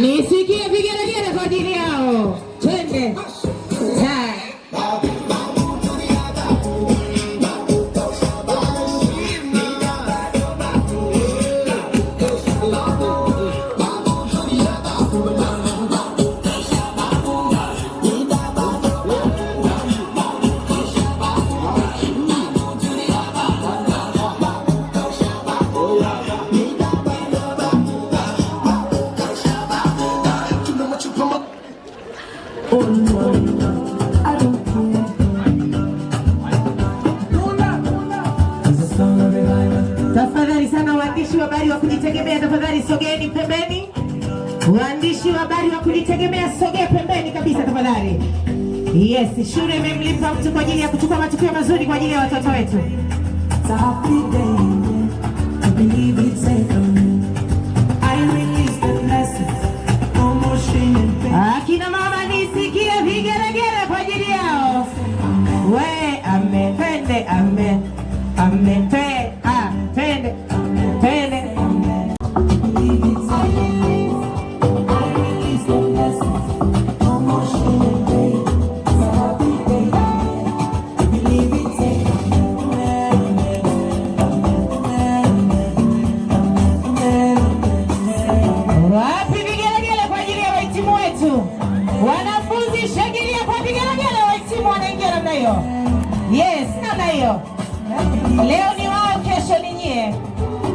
Nisikie vigelegele kwa ajili yao. Tafadhali sana waandishi wa habari wa kujitegemea, tafadhali sogeeni pembeni. Waandishi wa habari wa kujitegemea, sogea pembeni kabisa tafadhali. Yes, shule imemlipa mtu kwa ajili ya kuchukua matukio mazuri kwa ajili ya watoto wetu. Akina mama Ukishangilia kwa vigelegele, wahitimu wanaingia namna hiyo. Yes, namna hiyo. Leo ni wao, kesho ni nyie.